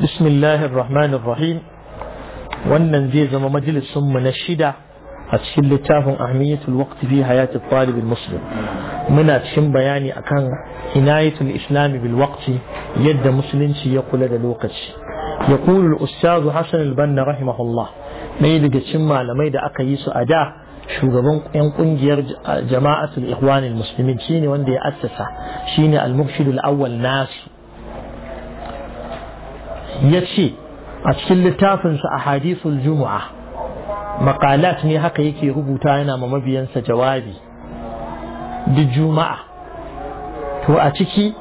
بسم الله الرحمن الرحيم wannan zai zama majalisunmu na shida a cikin littafin ahmiyatul waqti fi hayatul talib muslim muna cikin bayani akan inayatul islami bil waqti yadda musulunci ya kula da lokaci yaqulu al ustaz hasan al banna rahimahullah mai daga cikin malamai da aka yi su a da shugaban yan kungiyar jama'atul ikhwanil muslimin shine wanda ya assasa shine al murshid al awwal nasu ya ce a cikin littafinsa a hadisul juma'a makalat ne haka yake rubuta yana ma mabiyansa jawabi duk juma'a to a ciki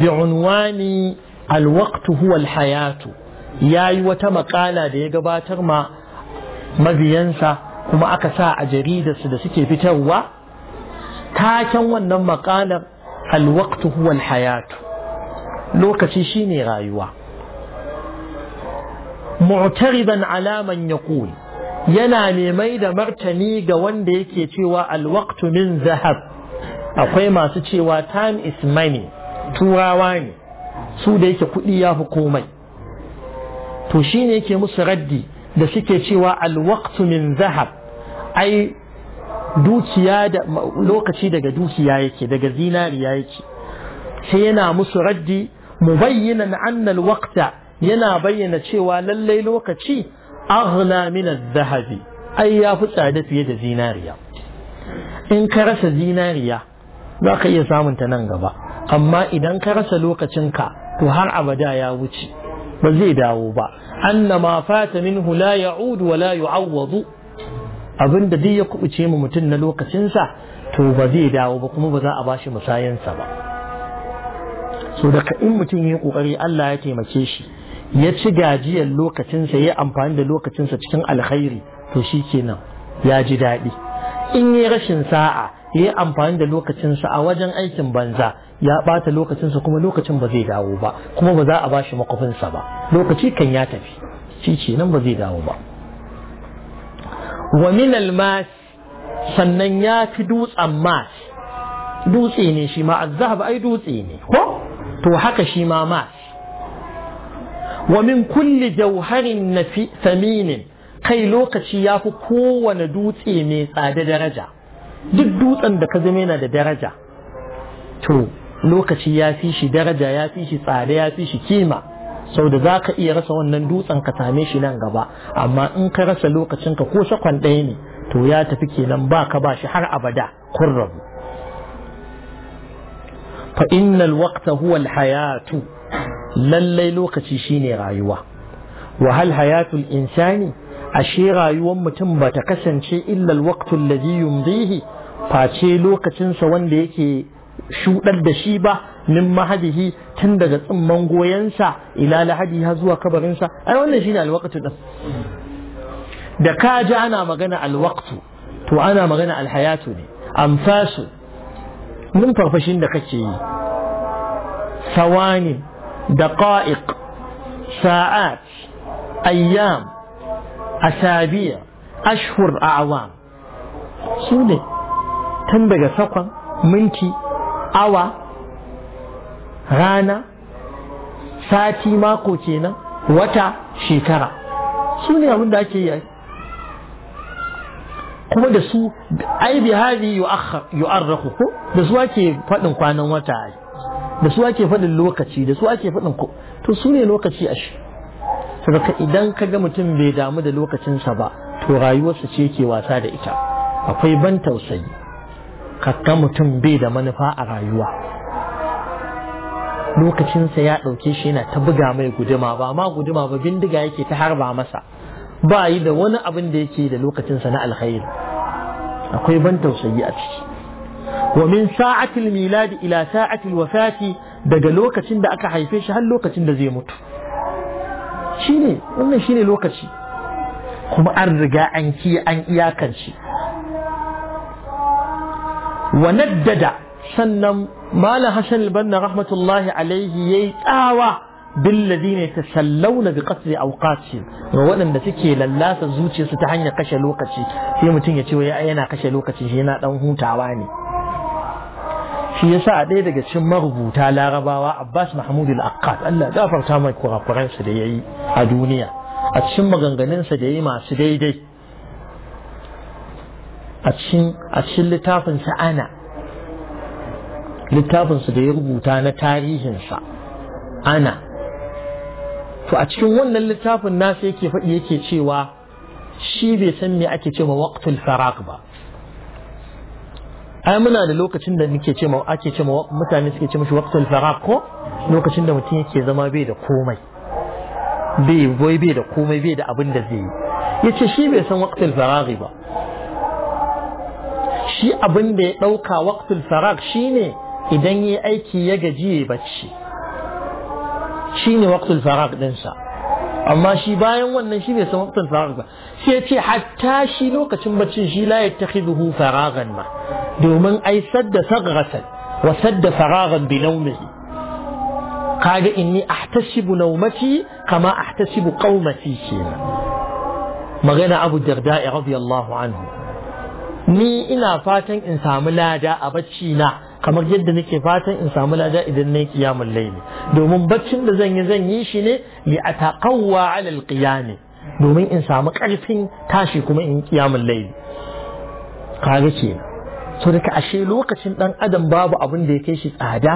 bi'unwani alwaqtu huwa alhayatu ya yi wata makala da ya gabatar ma mabiyansa kuma aka sa a jaridarsu da suke fitarwa taken wannan makalar alwaqtu huwa alhayatu lokaci shine rayuwa mu'tariban ala man yaqul yana nemai da martani ga wanda yake cewa alwaqtu min zahab akwai masu cewa time is money turawa ne su da yake kuɗi ya fi komai to shine yake musu raddi da suke cewa alwaqtu min zahab ai dukiya da lokaci daga dukiya yake daga zinariya yake sai yana musu raddi mubayyinan anna alwaqta yana bayyana cewa lallai lokaci aghna min az-zahabi ai ya fi tsada fiye da zinariya in ka rasa zinariya za ka iya samun ta nan gaba amma idan ka rasa lokacinka to har abada ya wuce ba zai dawo ba anna ma fata minhu la ya'ud wa la yu'awwadu da duk ya kubuce mu mutum na lokacinsa to ba zai dawo ba kuma ba za a bashi musayansa ba so daga in mutum ya kokari Allah ya taimake shi ya ci gajiyar lokacinsa ya amfani da lokacinsa cikin alkhairi to shi kenan ya ji daɗi in yi rashin sa'a ya yi amfani da lokacinsa a wajen aikin banza ya ɓata lokacinsa kuma lokacin ba zai dawo ba kuma ba za a shi makofinsa ba lokaci kan ya tafi shi kenan ba zai dawo ba wa min sannan ya fi dutsen mas dutse ne shi ma ba ai dutse ne ko to haka shi ma mas wa min kulli jauharin nafi saminin kai lokaci ya fi kowane dutse mai tsada daraja duk dutsen da ka zama yana da daraja to lokaci ya fi shi daraja ya fi shi tsada ya fi shi kima sau da za ka iya rasa wannan dutsen ka same shi nan gaba amma in ka rasa lokacinka ko sakon ɗaya ne to ya tafi kenan ba ka ba shi har abada kun rabu fa innal waqta huwa al hayatu lallai lokaci shine rayuwa Wahal hayatul insani ashe rayuwar mutum ba ta kasance illa alwaqtul ladhi yumdihi face lokacinsa wanda yake shudar da shi ba min mahadihi tun daga tsimman goyensa ila lahadi har zuwa kabarinsa ai wannan shine alwaqtu din da ka ji ana magana alwaqtu to ana magana alhayatu ne amfasu mun farfashin da kake yi sawanin دقائق ساعات أيام أسابيع أشهر أعوام سوني تنبغى سقا منتي أوى غانا ساتي ما kenan وتا shekara su ne abin da kuma da su ai bi hadi yu'arrahu ko da su ake fadin kwanan wata ai da su ake faɗin lokaci da su ake faɗin ko to su ne lokaci a shi saboda idan ka ga mutum bai damu da lokacinsa ba to rayuwarsa ce ke wasa da ita akwai ban tausayi ka mutum bai da manufa a rayuwa lokacinsa ya ɗauke shi yana ta buga mai guduma ba ma guduma ba bindiga yake ta harba masa ba yi da wani abin da yake da lokacinsa na alkhairi akwai ban tausayi a ciki ومن ساعة الميلاد إلى ساعة الوفاة دقلو كتن دا أكا حيفيش هل لو كتن دا زي موت شيني ومن شيني لو كتن كم أرجع أن كي أن إياك شي وندد سنم ما لحسن البنا رحمة الله عليه يتاوى بالذين يتسلون بقتل أوقاتهم وولا نتكي للاسة زوتي ستحن قشة لوكتي في متن يتوى يأينا قشة لوكتي هنا لهم تعواني shi yasa a ɗaya daga cikin marubuta larabawa abbas mahmud al-akkad allah gafarta mai kurakuransa da ya yi a duniya a cikin maganganunsa da ya yi masu daidai a cikin littafinsa ana littafinsa da ya rubuta na tarihinsa ana to a cikin wannan littafin nasa yake faɗi yake cewa shi bai san me ake cewa waqtul faraq ba ai muna da lokacin da nake ce ake ce mutane suke ce mishi waqtul faraq ko lokacin da mutum yake zama bai da komai bai bai bai da komai bai da abin da zai yi yace shi bai san waqtul faraq ba shi abin da ya dauka waqtul faraq shine idan yayi aiki ya gaji ya bacci shine waqtul faraq din sa amma shi bayan wannan shi bai san waqtan faragh ba sai ce hatta shi lokacin baccin shi la yattakhiduhu faraghan ma domin ai sadda sagratan wa sadda faraghan bi nawmihi kaga inni ahtasibu nawmati kama ahtasibu qaumati kenan magana Abu Darda radiyallahu anhu ni ina fatan in samu lada a bacci na kamar yadda nake fatan in samu lada idan nayi qiyamul laili domin baccin da zan yi zan yi shi ne li ataqawwa ala alqiyam domin in samu karfin tashi kuma in qiyamul layli kaga ce so daga ashe lokacin ɗan adam babu abin da ya kai shi tsada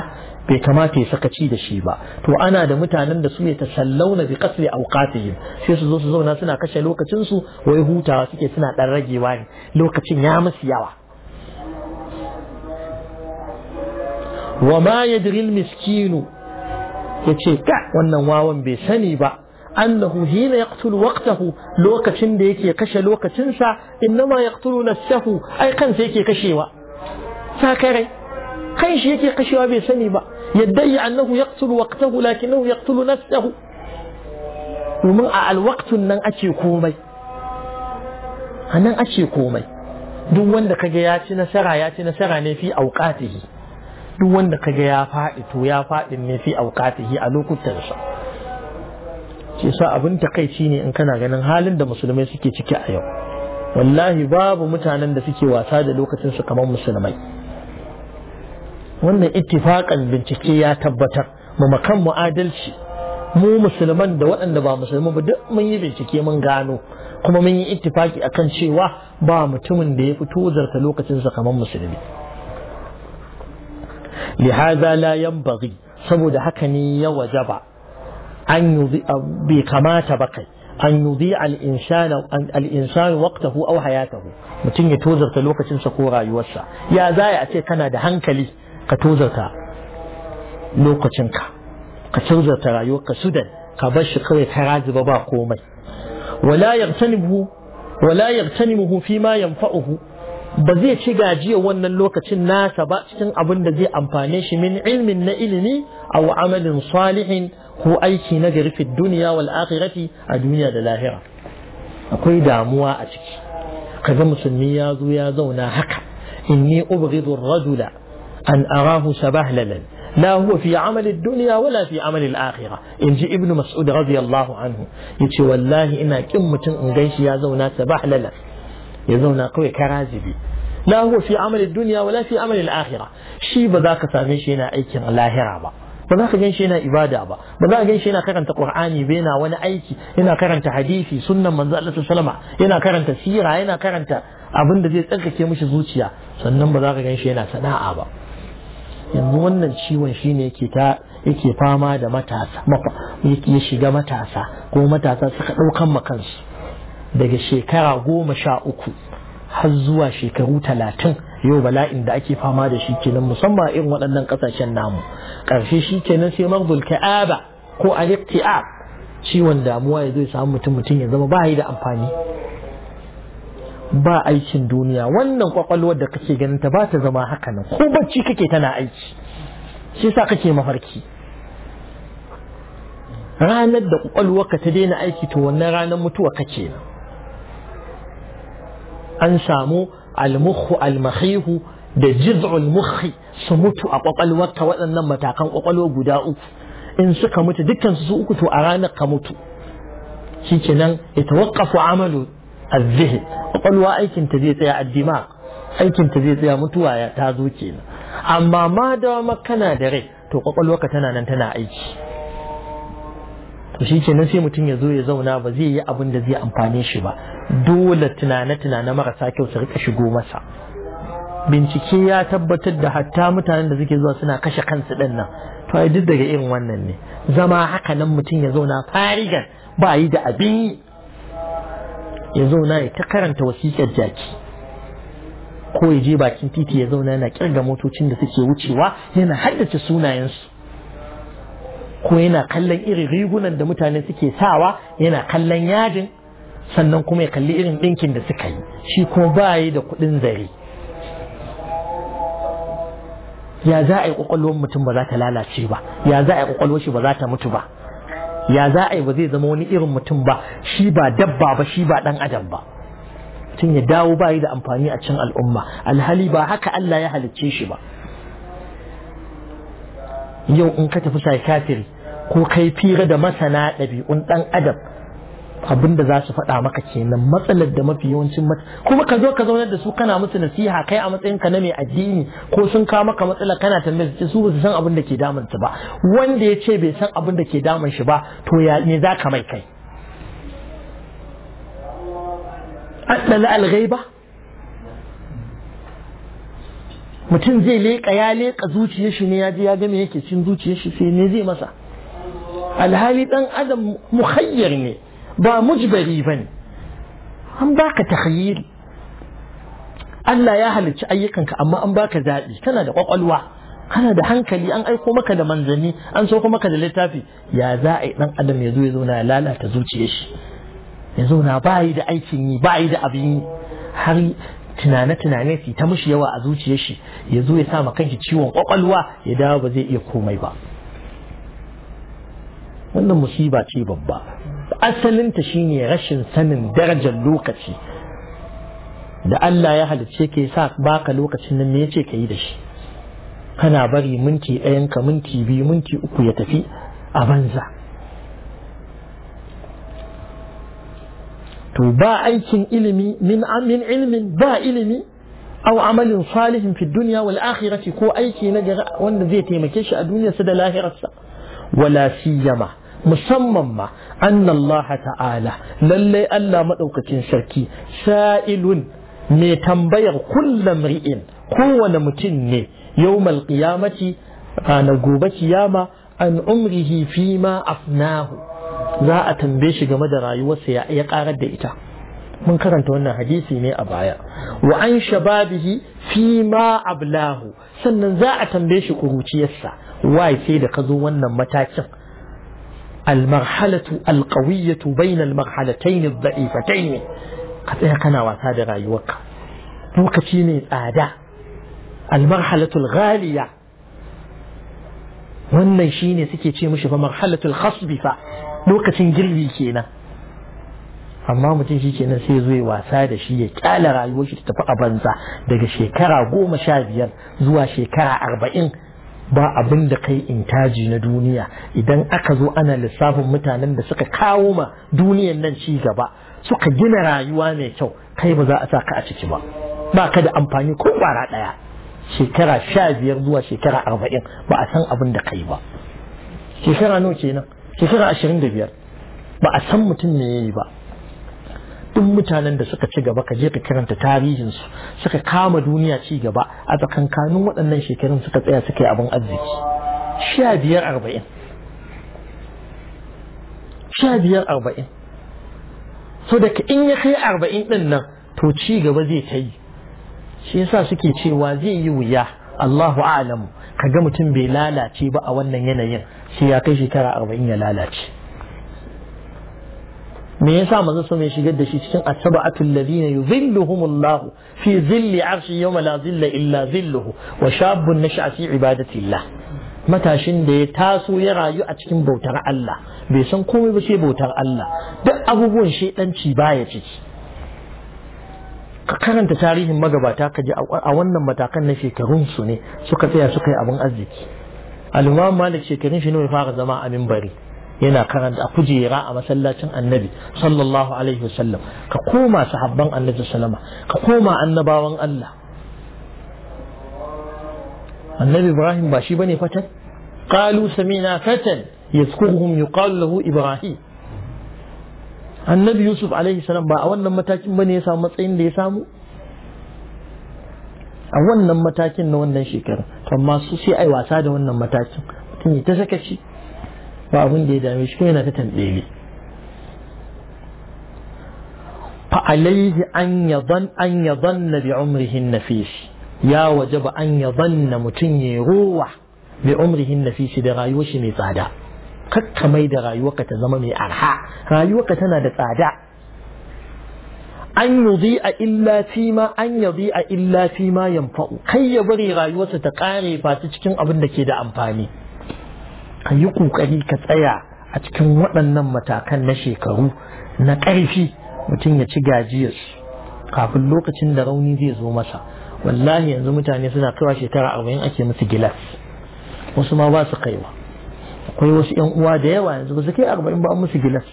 bai kamata ya saka ci da shi ba to ana da mutanen da su ne ta sallauna bi qasli awqatihim sai su zo su zauna suna kashe lokacin su wai hutawa suke suna ɗan ragewa ne lokacin ya musu yawa وما يدري المسكين يتي كع والنواو بسني با أنه حين يقتل وقته لوكا تنديك يكشى لوكا تنسى إنما يقتل نفسه أي كان سيكي كشيوا ساكري كان سيكي كشيوا بسني با يدعي أنه يقتل وقته لكنه يقتل نفسه ومن الوقت نن أتي كومي أنا أتي كومي دون وندك جياتي نسرى ياتي نسرى في أوقاته duk wanda ka ga ya faɗi to ya faɗin ne fi auqatihi a lokutansa shi sa abin takaici ne in kana ganin halin da musulmai suke ciki a yau wallahi babu mutanen da suke wasa da lokacin su kamar musulmai wannan ittifaqan bincike ya tabbatar mu makan mu mu musulman da waɗanda ba musulman ba duk mun yi bincike mun gano kuma mun yi ittifaki akan cewa ba mutumin da ya fito zarta lokacin sa kamar musulmi لهذا لا ينبغي saboda haka ne ya wajaba an bai kamata ba kai an yudi al'insanu waqtahu aw hayatahu mutum ya tozarta lokacinsa ko rayuwarsa ya zaya a ce kana da hankali ka tozarta lokacinka ka tozarta rayuwarka sudan ka bar shi kawai ka razuba ba komai wala yagtanibuhu wala yagtanibuhu fi ma yanfa'uhu ba zai ci gajiya wannan lokacin nasa ba cikin abin da zai amfane shi min ilmin na ilimi aw amalin salihin ko aiki na garfi duniya wal akhirati a duniya da lahira akwai damuwa a ciki kaga musulmi ya zo ya zauna haka inni ubghidu ar-rajula an arahu sabahlan لا هو في عمل الدنيا ولا في عمل الآخرة إن جي ابن مسعود رضي الله عنه يتي والله إنا كم متن إن يا زونا سبح لنا ya zauna kawai karazibi la huwa fi amalin duniya wala fi amalin akhira shi ba za ka same shi yana aikin lahira ba ba za ka gan shi yana ibada ba ba za ka gan shi yana karanta qur'ani ba yana wani aiki yana karanta hadisi sunnan manzo Allah sallama yana karanta sira yana karanta abin da zai tsarkake mishi zuciya sannan ba za ka gan shi yana sana'a ba yanzu wannan ciwon shine yake ta yake fama da matasa ya shiga matasa ko matasa suka ɗaukan ma kansu daga shekara goma sha uku har zuwa shekaru talatin yau bala'in da ake fama da shi kenan musamman irin waɗannan ƙasashen namu ƙarshe shi kenan sai marzul ka'aba ko al a ciwon damuwa ya zai samu mutum mutum ya zama ba yi da amfani ba aikin duniya wannan kwakwalwar da kake ganin ta ba ta zama haka nan ko bacci kake tana aiki shi sa kake mafarki ranar da ka ta daina aiki to wannan ranar mutuwa kake nan an samu almuhu almahihu da jiz'ul mukhi su mutu a kwakwalwarka waɗannan matakan kwakwalwa guda uku in suka mutu dukkan su uku to a ranar ka mutu shikenan ya tawaqqafu amalu a zihn kwakwalwa aikin ta zai tsaya addima aikin ta zai tsaya mutuwa ta zo kenan amma ma da kana da rai to kwakwalwarka tana nan tana aiki to shi kenan sai mutum ya zo ya zauna ba zai yi abin da zai amfane shi ba dole tunane-tunane marasa kyau su rika shigo masa bincike ya tabbatar da hatta mutanen da suke zuwa suna kashe kansu din nan to ai duk daga irin wannan ne zama haka nan mutum ya zauna farigan ba yi da abin ya zauna ya ta karanta wasikar jaki ko ya je bakin titi ya zauna yana kirga motocin da suke wucewa yana haddace sunayensu ko yana kallon irin rigunan da mutane suke sawa yana kallon yajin sannan kuma ya kalli irin ɗinkin da suka yi shi kuma ba yi da kuɗin zare ya za a yi ƙwaƙwalwar mutum ba za ta lalace ba ya za a yi ƙwaƙwalwar shi ba za ta mutu ba ya za a yi ba zai zama wani irin mutum ba shi ba dabba ba shi ba ɗan adam ba tun ya dawo ba yi da amfani a cin al'umma alhali ba haka Allah ya halicce shi ba yau in ka tafi psychiatry ko kai fira da masana ɗabi'un ɗan adam abin da za su faɗa maka kenan matsalar da mafi yawancin mata kuma ka zo ka zaunar da su kana musu nasiha kai a matsayin ka na mai addini ko sun kawo maka matsala kana tambayar su su basu san abin da ke damun su ba wanda ya ce bai san abin da ke damun shi ba to ya ne za ka mai kai addala alghaiba mutum zai leƙa ya leƙa zuciyar shi ne ya je ya ga me yake cin zuciyar shi sai ne zai masa alhali dan adam muhayyar ne ba mujbari bane an baka tahayyiri Allah ya halicci ayyukanka amma an baka zaɓi kana da kwakwalwa kana da hankali an aiko maka da manzanni an sauko maka da littafi ya za a yi dan adam ya zo ya zauna ya lalata zuciyar shi ya zauna ba yi da aikin yi ba yi da abin yi har tunane-tunane su ta mushi yawa a zuciyar shi ya zo ya sama kanshi ciwon kwakwalwa ya dawo ba zai iya komai ba wannan musiba ce babba asalinta shine rashin sanin darajar lokaci da Allah ya halicce ke sa baka lokacin nan me yace ka yi da shi kana bari minti ɗayan ka minti biyu minti uku ya tafi a banza to ba aikin ilimi min amin ilmin ba ilimi aw amalin salihin fi dunya wal akhirati ko aiki na gari wanda zai taimake shi a duniyarsa da lahirarsa wala siyama musamman ma anna Allah ta'ala lalle Allah madaukakin sarki sa'ilun mai tambayar kullum ri'in kowane mutum ne yawmal qiyamati ranar gobe kiyama an umrihi fima afnahu za a tambaye shi game da rayuwarsa ya karar da ita mun karanta wannan hadisi ne a baya wa an shababihi fi ma ablahu sannan za a tambaye shi kuruciyarsa wai sai da ka zo wannan matakin almarhalatu alqawiyatu bainal marhalatayn adh-dha'ifatayn ka tsaya kana wasa da rayuwarka lokaci ne tsada almarhalatul ghaliya wannan shine suke ce mishi fa marhalatul khasbi fa lokacin girbi kenan amma mutum shi kenan sai zo ya wasa da shi ya kyala rayuwar shi ta tafi a banza daga shekara goma sha biyar zuwa shekara arba'in ba abin da kai intaji na duniya idan aka zo ana lissafin mutanen da suka kawo ma duniyan nan ci gaba suka gina rayuwa mai kyau kai ba za a sa ka a ciki ba ba ka da amfani ko kwara ɗaya shekara sha biyar zuwa shekara arba'in ba a san abin da kai ba shekara nawa kenan shekara ashirin da biyar ba a san mutum ne ya yi ba duk mutanen da suka ci gaba ka je ka karanta tarihinsu suka kama duniya ci gaba a tsakankanin waɗannan shekarun suka tsaya suka yi abin arziki sha biyar arba'in sha biyar arba'in so daga in ya kai arba'in ɗin nan to ci gaba zai ta yi shi yasa suke cewa zai yi wuya Allahu a'lamu ka ga mutum bai lalace ba a wannan yanayin shi ya kai shekara arba'in ya lalace me yasa maza so mai shigar da shi cikin asaba'atul ladina yuzilluhumullahu fi zilli arshi yawma la zilla illa zilluhu wa shabun nash'a fi ibadatillah matashin da ya taso ya rayu a cikin bautar Allah bai san komai ba sai bautar Allah duk abubuwan shedanci baya ciki ka karanta tarihin magabata ka ji a wannan matakan na shekarun su ne suka tsaya suka yi abin arziki al-imam malik shekarun shi ne ya fara zama a minbari yana karanta a kujera a masallacin annabi sallallahu alaihi wasallam ka koma sahabban annabi sallama ka koma annabawan Allah annabi ibrahim ba shi bane fatan qalu sami'na fatan yadhkuruhum yuqalu lahu ibrahim annabi yusuf alaihi salam ba a wannan matakin ba ne ya samu matsayin da ya samu a wannan matakin na wannan shekara amma su sai ai wasa da wannan matakin mutum ya ta saka shi ba abin da ya dame shi kuma yana ta tambele fa alaihi an yadan an yadanna bi umrihi nafis ya wajaba an yadanna mutum ya ruwa bi umrihi nafis da rayuwar shi mai tsada kakka mai da rayuwarka ta zama mai arha rayuwarka tana da tsada an yudi a illa fi ma an yudi a illa fi ma yanfa'u kai ya bari rayuwarsa ta kare fata cikin abin da ke da amfani ka yi ƙoƙari ka tsaya a cikin waɗannan matakan na shekaru na ƙarfi mutum ya ci gajiyarsu kafin lokacin da rauni zai zo masa wallahi yanzu mutane suna kaiwa shekara arba'in ake musu gilas wasu ma ba su kaiwa akwai wasu yan uwa da yawa yanzu ba su kai arba'in ba an musu gilas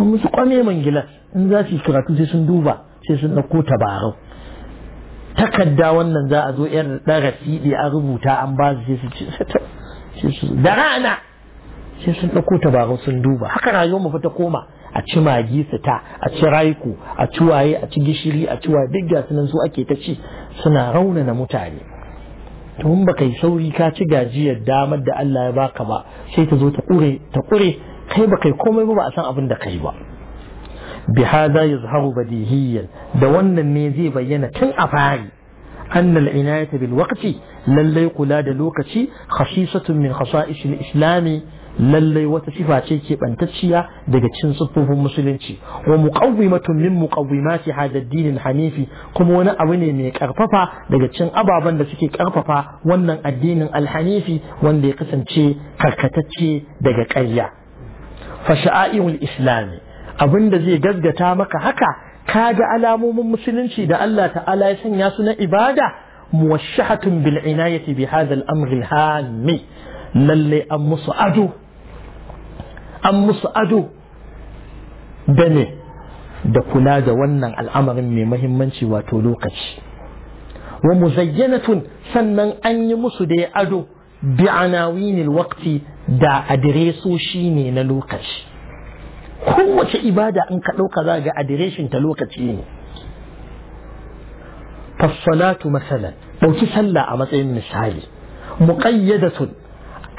an musu kwame man gilas in za su yi karatu sai sun duba sai sun ɗauko tabarau takarda wannan za a zo yan darasi ne a rubuta an ba su sai su da rana sai sun ɗauko tabarau sun duba haka rayuwar mu fa ta koma a ci magi su a ci raiko a ci waye a ci gishiri a ci waye duk gasu nan su ake ta ci suna raunana mutane tun baka yi sauri ka ci gajiyar damar da Allah ya baka ba sai ta zo ta kure ta kure kai baka yi komai ba ba a san abin da kai ba bi hada yazharu badihiyan da wannan ne zai bayyana tun a fari أن العناية بالوقت لن يقول هذا لوكتي خصيصة من خصائص الإسلام lallai wata sifa ce keɓantacciya daga cikin siffofin musulunci wa muqawwimatun min muqawwimati hadha ad-din hanifi kuma wani abu ne mai karfafa daga cikin ababen da suke karfafa wannan addinin al-hanifi wanda ya kasance karkatacce daga ƙarya fa sha'airul islami abinda zai gaggata maka haka kaga alamomin musulunci da Allah ta'ala ya sanya su na ibada muwashshahatun bil inayati bi hadha al-amr al-hammi lalle an musu ado an musu ado da da kula da wannan al'amarin mai mahimmanci wato lokaci wa muzayyanatun sannan an yi musu da ya ado bi anawinil waqti da adiresoshi ne na lokaci kowace ibada in ka ɗauka za ga adireshin ta lokaci ne fassalatu masalan ɗauki sallah a matsayin misali muqayyadatun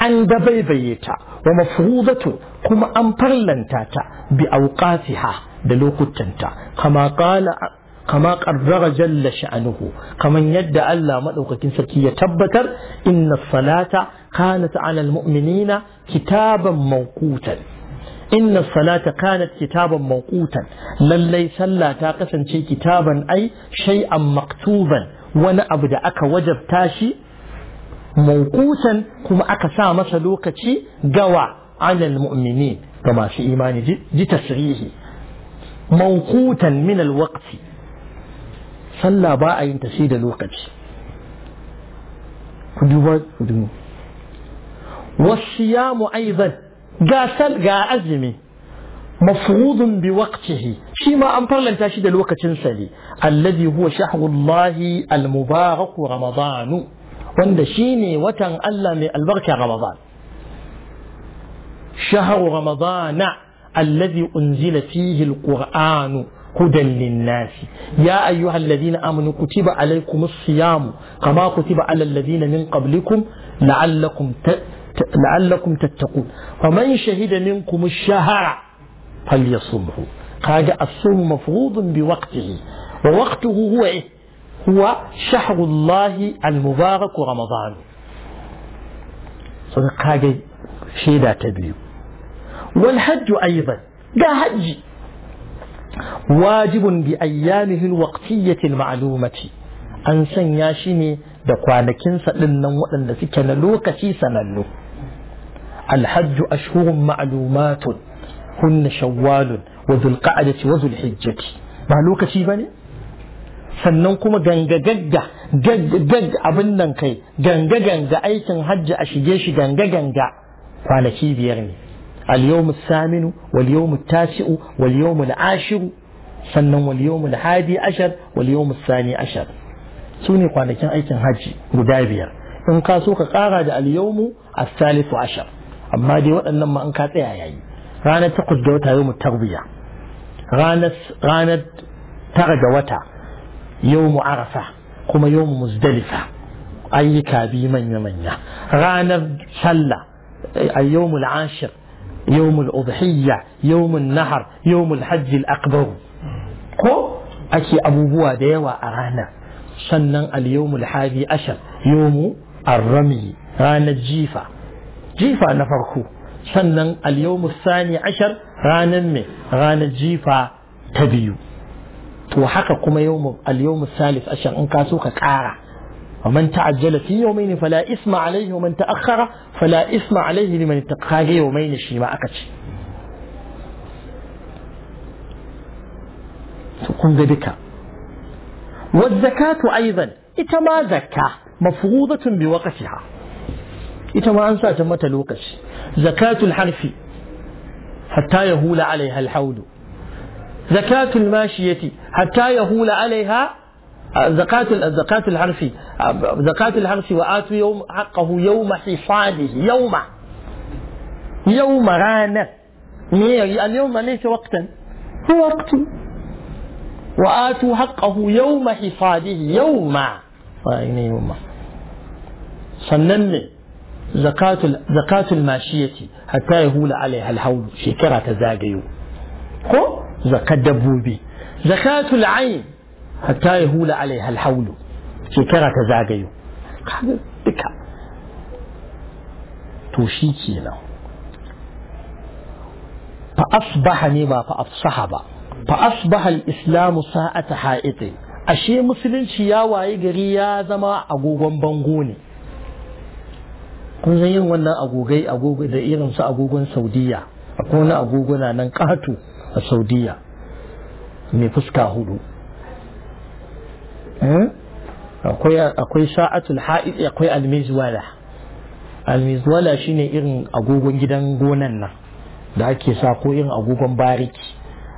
an dabaibaye ta wa mafhudatu kuma an farlanta ta bi auqatiha da lokutanta kama qala kama qarrara jalla sha'nuhu kaman yadda Allah madaukakin sarki ya tabbatar inna salata kanat 'ala almu'minina kitaban mawqutan inna salata kanat kitaban mawqutan lallai sallah ta kasance kitaban ai shay'an maktuban wani abu da aka wajabta shi موقوتا كما أكسا مسا لوكتي قوى على المؤمنين كما في إيمان جي, جي تسريه موقوتا من الوقت صلى باء ينتسيد لوكتي كدوبا كدوبا والصيام أيضا قاسل قا أزمي مفروض بوقته فيما أمطر لن تشيد الوقت سلي الذي هو شهر الله المبارك رمضان wanda shine watan Allah mai albarka Ramadan shahru ramadana alladhi unzila fihi alqur'anu هدى للناس يا أيها الذين آمنوا كتب عليكم الصيام كما كتب على الذين من قبلكم لعلكم لعلكم تتقون فمن شهد منكم الشهر فليصمه قال الصوم مفروض بوقته ووقته هو إيه هو شهر الله المبارك رمضان صدق هاجي شيدا تبيو والحج أيضا ده حج واجب بأيامه الوقتية المعلومة أن سنياشني دقوان كنسة للنوء التي كان لوك في سنلو الحج أشهر معلومات هن شوال وذو القعدة وذو الحجة معلومة لوك في sannan kuma ganga gagga gag abin nan kai ganga ganga aikin hajji a shige shi ganga ganga kwanaki biyar ne al saminu wal tasi'u wal ashiru sannan wal hadi ashar wal sani ashar su ne kwanakin aikin hajji guda biyar in ka so ka kara da al-yawmu as-salisu ashar amma dai waɗannan ma in ka tsaya yayi ranar takwas da wata yawmu tarbiya ranar ranar tara ga wata يوم عرفة كما يوم مزدلفة أي كابي من يمنى غانا سلة اليوم العاشر يوم الأضحية يوم النهر يوم الحج الأكبر كو أكي أبو بوا ديوا أرانا سنن اليوم الحادي عشر يوم الرمي غانا الجيفة جيفة نفركو سنن اليوم الثاني عشر غانا مي غانا الجيفة تبيو to haka kuma yawmu al-yawmu thalith ashar in ka ومن تعجل في يومين فلا إثم عليه ومن تأخر فلا إثم عليه لمن اتقى يومين شي ما أكتش تقوم بك والزكاة أيضا إتما زكاة مفروضة بوقتها إتما أنسى تمت الوقت زكاة الحرف حتى يهول عليها الحول زكاة الماشية حتى يهول عليها آه، زكاة الزكاة الحرفي زكاة الحرفي آه، وآتوا يوم حقه يوم حصاده يوم يوم رانا اليوم ليس وقتا هو وقت وآتوا حقه يوم حصاده يوم آه، يعني يوم sannan زكاة زكاة الماشية حتى يهول عليها الحول shekara ta zakar dabbobi zakatul ayn hatta ya hula alaiha alhaulu shekara ta zagayo duka to shi fa asbaha ne ba fa afsaha ba fa asbaha al-islamu sa'ata ha'itin ashe musulunci ya waye gari ya zama agogon bango ne kun san yin wannan agogai agogo da irin su agogon saudiya akwai wani agogona nan ƙato a saudiya mai fuska hudu eh? akwai sa'atul ha'id akwai almizwala almizwala shine irin agogon gidan gonan nan da ake sa ko irin agogon bariki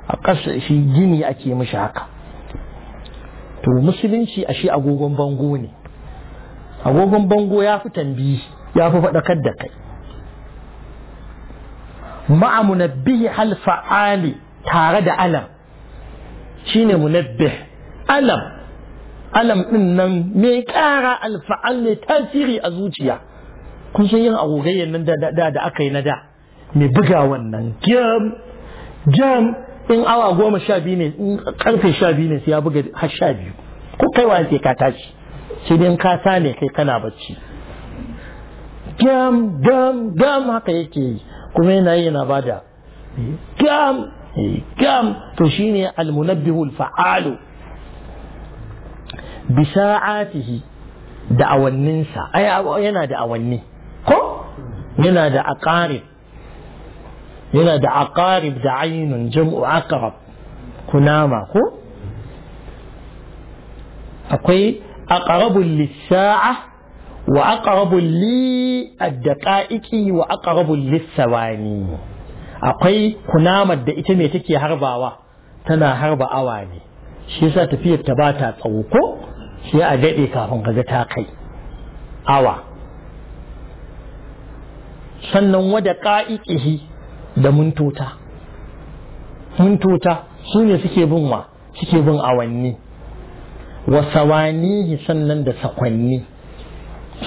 a ƙasa shi gini ake mishi haka to musulunci a shi agogon bango ne agogon bango ya fi tambiyi ya fi faɗakar da kai bihi hal fa'ali tare da alam shine munabbih alam alam din nan me kara alfa'al ne tasiri a zuciya kun san yin agogayyan nan da da da aka yi na da me buga wannan jam jam in awa goma sha biyu ne in karfe sha biyu ne sai ya buga har sha biyu ko kai wa sai ka tashi sai dai ka sane kai kana bacci jam jam jam haka yake yi kuma yana yana bada jam كم تشيني المنبه الفعال بساعاته دعوى النساء أي ينا دعوى النساء كو ينا دع أقارب ينا دع أقارب دعين جمع أقرب كناما كو أقوي أقرب للساعة وأقرب للدقائق وأقرب للثواني akwai kunamar da ita mai take harbawa tana harba awa ne shi yasa tafiyar ta ba ta tsawo ko sai a daɗe kafin ka ga ta kai awa sannan wada ƙa'iƙihi da mintota mintota su suke bin suke bin awanni wa sawanihi sannan da sakwanni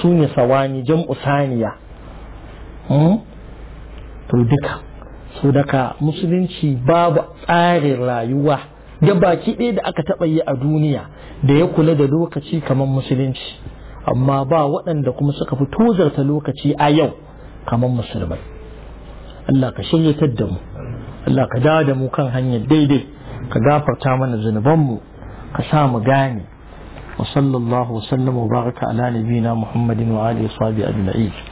su ne sawani jam'u saniya hmm? to duka so daga musulunci babu tsarin rayuwa da baki ɗaya da aka taɓa yi a duniya da ya kula da lokaci kamar musulunci amma ba waɗanda kuma suka fi tozarta lokaci a yau kamar musulmai Allah ka shiryatar da mu Allah ka dawo da mu kan hanyar daidai ka gafarta mana zunubanmu ka sa mu gane wa sallallahu wa sallama wa baraka ala nabiyina muhammadin wa alihi wa sahbihi ajma'in